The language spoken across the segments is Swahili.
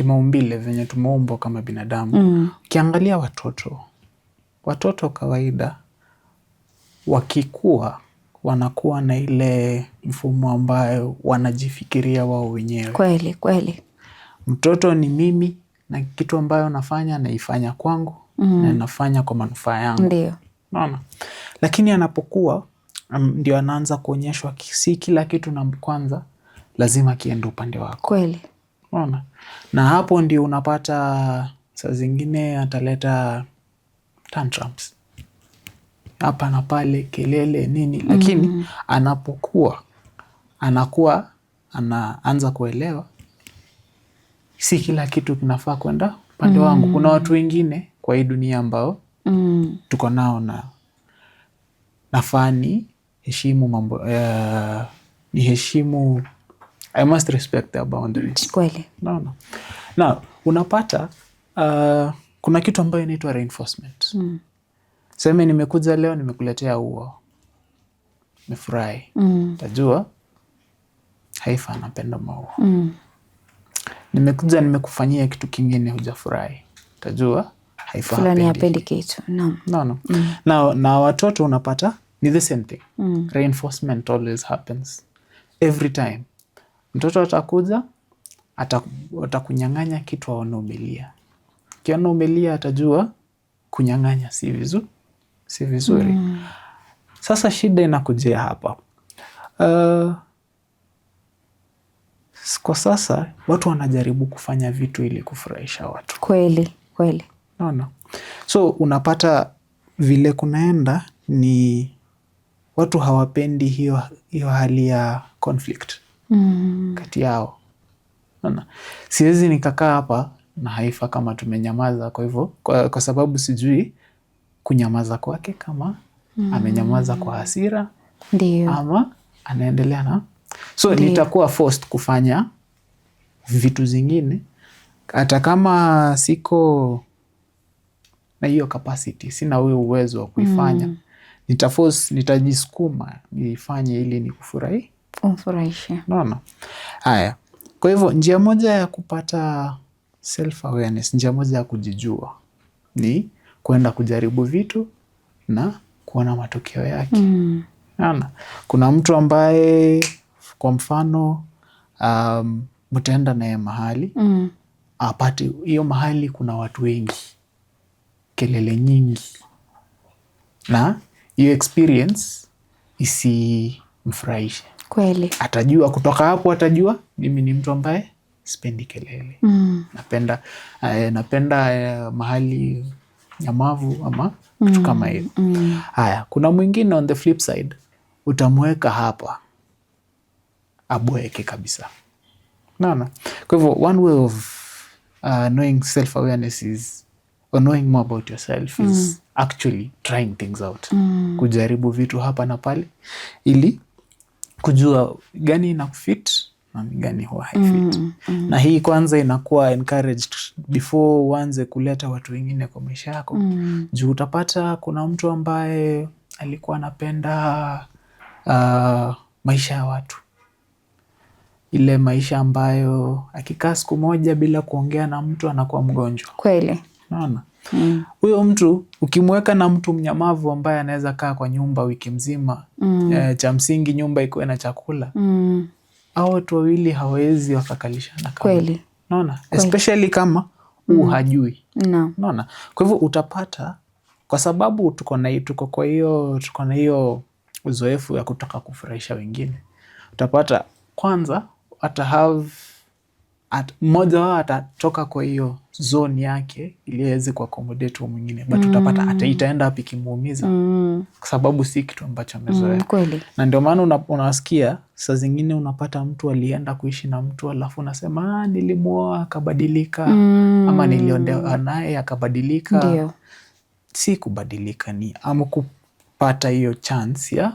kimaumbile venye tumeumbwa kama binadamu mm. Ukiangalia watoto, watoto kawaida wakikua wanakuwa na ile mfumo ambayo wanajifikiria wao wenyewe. Kweli kweli, mtoto ni mimi na kitu ambayo nafanya naifanya kwangu mm. na nafanya kwa manufaa yangu, ndio naona. Lakini anapokuwa ndio anaanza kuonyeshwa si kila kitu, na kwanza lazima kiende upande wako kweli. Unaona? Na hapo ndio unapata saa zingine ataleta tantrums hapa na pale, kelele nini, mm-hmm. lakini mm. anapokuwa anakuwa anaanza kuelewa si kila kitu kinafaa kwenda upande mm. wangu. Kuna watu wengine kwa hii dunia ambao mm. tuko nao na nafaa eh, ni heshimu mambo uh, ni heshimu I must respect their boundaries. Kweli. No, no. Now, unapata uh, kuna kitu ambayo inaitwa reinforcement. Mm. Seme nimekuja leo nimekuletea uo. Nimefurahi. Mm. Tajua Haifa anapenda maua. Mm. Nimekuja nimekufanyia kitu kingine hujafurahi. Tajua Haifa fulani hapendi kitu. No. No, no. Mm. Na, na watoto unapata ni the same thing. Mm. Reinforcement always happens every time. Mtoto atakuja atakunyang'anya kitu aona umelia. Kiona umelia atajua kunyang'anya si vizuri, si vizuri. Mm. Sasa shida inakujia hapa. Uh, kwa sasa watu wanajaribu kufanya vitu ili kufurahisha watu. Kweli kweli, naona so unapata vile kunaenda ni watu hawapendi hiyo, hiyo hali ya conflict mm. kati yao. Siwezi nikakaa hapa na Haifa kama tumenyamaza, kwa hivyo kwa, kwa sababu sijui kunyamaza kwake kama mm. amenyamaza kwa hasira Ndiyo. ama anaendelea na so nitakuwa forced kufanya vitu zingine hata kama siko na hiyo capacity, sina huyo uwezo wa kuifanya mm. nitaforce, nitajisukuma niifanye ili nikufurahi umfurahishe. haya. Kwa hivyo njia moja ya kupata self awareness, njia moja ya kujijua ni kwenda kujaribu vitu na kuona matokeo yake. Mm. kuna mtu ambaye kwa mfano um, mtaenda naye mahali mm. apate hiyo mahali kuna watu wengi, kelele nyingi, na hiyo experience isimfurahishe. Kweli. Atajua kutoka hapo, atajua mimi ni mtu ambaye sipendi kelele mm. Napenda uh, napenda uh, mahali nyamavu ama kitu mm. kama hiyo mm. Haya, kuna mwingine on the flip side utamweka hapa abweke kabisa, naona. Kwa hivyo one way of uh, knowing self awareness is or knowing more about yourself is mm. actually trying things out mm. kujaribu vitu hapa na pale ili kujua gani ina kufit na gani huwa haifit. mm, mm. Na hii kwanza inakuwa encouraged before uanze kuleta watu wengine kwa maisha yako mm. Juu utapata kuna mtu ambaye alikuwa anapenda uh, maisha ya watu, ile maisha ambayo akikaa siku moja bila kuongea na mtu anakuwa mgonjwa kweli, naona Mm. Huyo mm. mtu ukimweka na mtu mnyamavu ambaye anaweza kaa kwa nyumba wiki mzima mm. E, cha msingi nyumba ikuwe na chakula mm. au watu wawili hawawezi wakakalishana naona especially kama huu mm. hajui no. naona kwa hivyo utapata kwa sababu tuko na tuko kwa hiyo tuko na hiyo uzoefu ya kutaka kufurahisha wengine, utapata kwanza ata have at mmoja wao atatoka kwa hiyo zone yake ili aweze kuaccommodate mwingine but mm. utapata ata mm. itaenda hapi kimuumiza mm. kwa sababu si kitu ambacho amezoea mm, Na ndio maana unawasikia saa zingine unapata mtu alienda kuishi na mtu alafu unasema ah, nilimwoa akabadilika mm. ama niliondewa naye akabadilika. Si kubadilika, ni ama kupata hiyo chance ya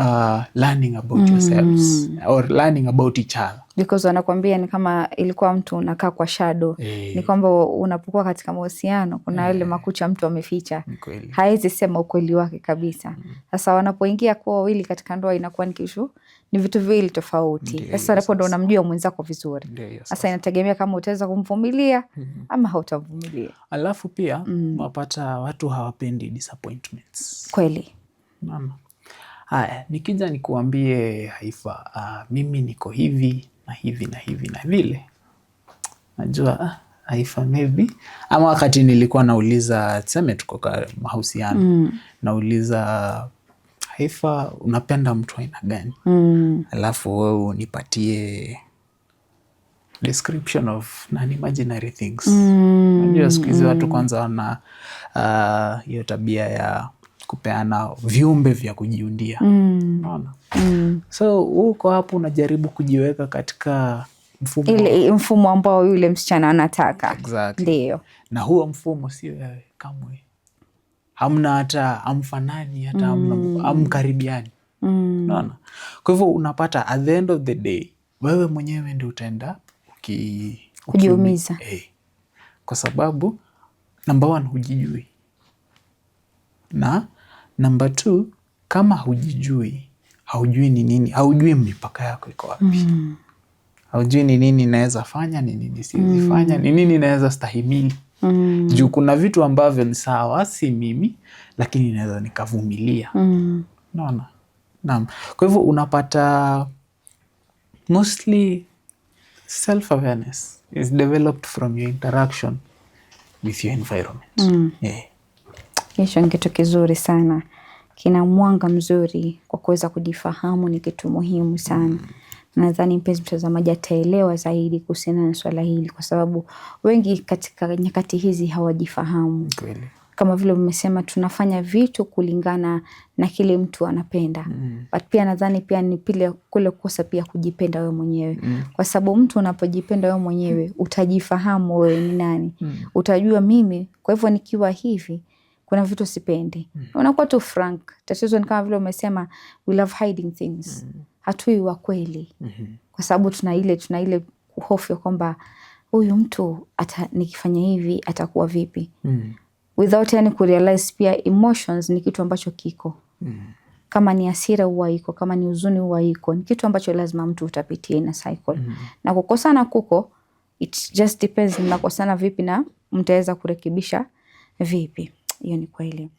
Uh, learning about mm. yourselves or learning about each other because wanakwambia ni kama ilikuwa mtu unakaa kwa shadow hey. Eh. Ni kwamba unapokuwa katika mahusiano kuna yale hey. Eh. makucha mtu ameficha, hawezi sema ukweli wake kabisa. Mm. Sasa mm. wanapoingia kuwa wawili katika ndoa inakuwa ni kishu, ni vitu viwili tofauti. Sasa hapo ndo unamjua mwenzako vizuri. Sasa inategemea kama utaweza kumvumilia -hmm. ama hautamvumilia. Alafu pia mm. wapata watu hawapendi disappointments. Kweli mama Haya, nikija nikuambie Haifa, uh, mimi niko hivi na hivi na hivi na vile, najua ah, Haifa maybe ama wakati nilikuwa nauliza, tuseme tuko kwa mahusiano mm. nauliza Haifa, unapenda mtu aina gani? mm. alafu wewe unipatie description of nani imaginary things. Mm. Najua siku hizi watu mm. kwanza wana ah, hiyo uh, tabia ya kupeana viumbe vya kujiundia mm. mm. So huko hapo unajaribu kujiweka katika mfumo, ambao yule msichana anataka exactly. Ndio, na huo mfumo sio wewe kamwe, hamna hata amfanani hata mm. amkaribiani mm. Naona kwa hivyo unapata at the end of the day wewe mwenyewe ndi utaenda uki, kujiumiza hey. Eh. Kwa sababu namba one hujijui na Namba two, kama hujijui, haujui ni nini, haujui mipaka yako iko wapi. Mm. Haujui ni nini naweza fanya, ni nini siwezi mm. fanya, ni nini naweza stahimili. Mm. Juu kuna vitu ambavyo ni sawa, si mimi, lakini naweza nikavumilia. Mm. Naona? Naam. Kwa hivyo unapata mostly self awareness is developed from your interaction with your environment. Mm. Yeah. Communication kitu kizuri sana, kina mwanga mzuri kwa kuweza kujifahamu, ni kitu muhimu sana. Nadhani mpenzi mtazamaji ataelewa zaidi kuhusiana na swala hili, kwa sababu wengi katika nyakati hizi hawajifahamu. Kweli. Kama vile umesema, tunafanya vitu kulingana na kile mtu anapenda mm. But pia nadhani pia ni pile kule kosa pia kujipenda wewe mwenyewe mm. Kwa sababu mtu unapojipenda wewe mwenyewe utajifahamu wewe ni nani mm. Utajua mimi kwa hivyo nikiwa hivi kuna vitu sipendi mm. unakuwa tu frank. Tatizo ni kama vile umesema we love hiding things mm. hatui wa kweli mm -hmm. kwa sababu tuna ile tuna ile hofu ya kwamba huyu mtu ata, nikifanya hivi atakuwa vipi mm. without yani kurealize pia emotions ni kitu ambacho kiko mm. kama ni hasira huwa iko, kama ni huzuni huwa iko, ni kitu ambacho lazima mtu utapitia ina cycle mm. na kukosana kuko, it just depends mnakosana vipi na mtaweza kurekebisha vipi hiyo ni kweli.